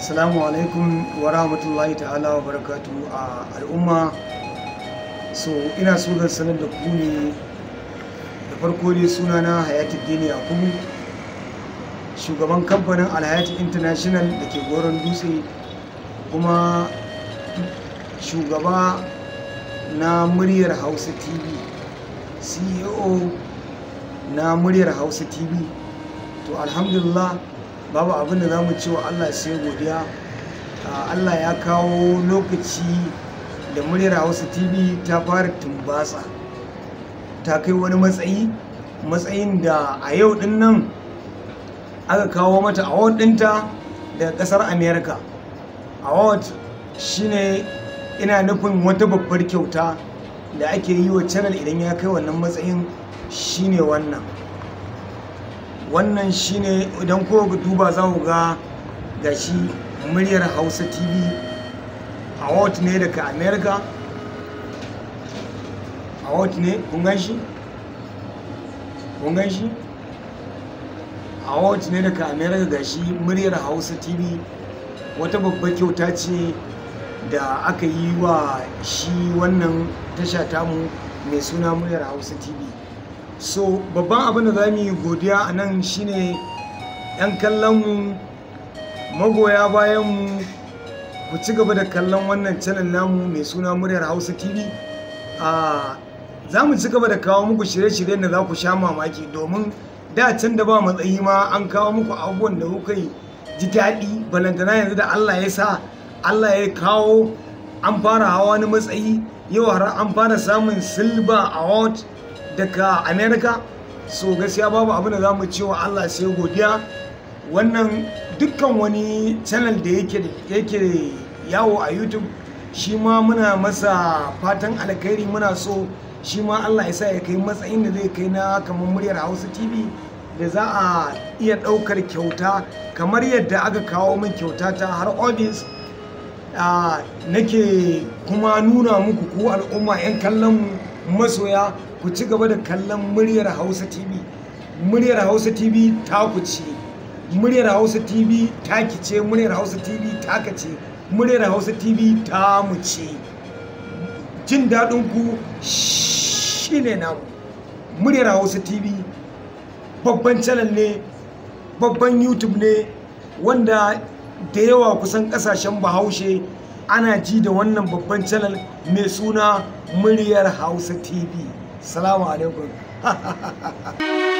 Assalamu alaikum wa rahmatullahi ta'ala wa barakatu a al'umma. So ina so zan sanar da ku ne da farko ne na Hayati a kuma shugaban kamfanin Alhayati International da ke goron dutse kuma shugaba na muryar Hausa TV CEO na muryar Hausa TV to alhamdulillah babu abin da za mu wa allah sai godiya allah ya kawo lokaci da muryar hausa tv ta fara tumbatsa ta kai wani matsayi matsayin da a yau din nan aka kawo mata award dinta daga kasar america award shine ina nufin wata babbar kyauta da ake yi wa channel idan ya kai wannan matsayin shine wannan wannan shine idan ko duba za ku ga gashi muryar hausa tv award ne daga america award ne kun gan shi kun gan shi award ne daga america shi muryar hausa tv wata babbar kyauta ce da aka yi wa shi wannan tasha tamu mai suna muryar hausa tv so babban abin da za mu yi godiya a nan shine 'yan kallonmu magoya bayanmu ku ci gaba da kallon wannan channel namu mai suna muryar hausa tv a za mu ci gaba da kawo muku shirye-shiryen da za ku sha mamaki domin da can da ba matsayi ma an kawo muku abubuwan da kuka jiki ji daɗi balantana yanzu da allah ya sa allah ya kawo an fara hawa wani matsayi yau har an fara samun silver award daga america so gaskiya babu abin da za mu ce wa allah sai godiya wannan dukkan wani channel da yake yawo a youtube shi ma muna masa fatan alkhairi muna so shi ma allah ya sa ya kai matsayin da zai kai na kamar muryar hausa tv da za a iya ɗaukar kyauta kamar yadda aka kawo min kyauta ta har audience ah, nake kuma nuna muku ko al'umma 'yan kallon mu masoya ku ci gaba da kallon muryar hausa tv muryar hausa tv ta kuce muryar hausa tv ta ce muryar hausa tv ta ce muryar hausa tv ta muce jin daɗin ku shine na muryar hausa tv babban channel ne babban youtube ne wanda da yawa kusan ƙasashen bahaushe ana ji da wannan babban channel mai suna muryar hausa tv salamu alaikum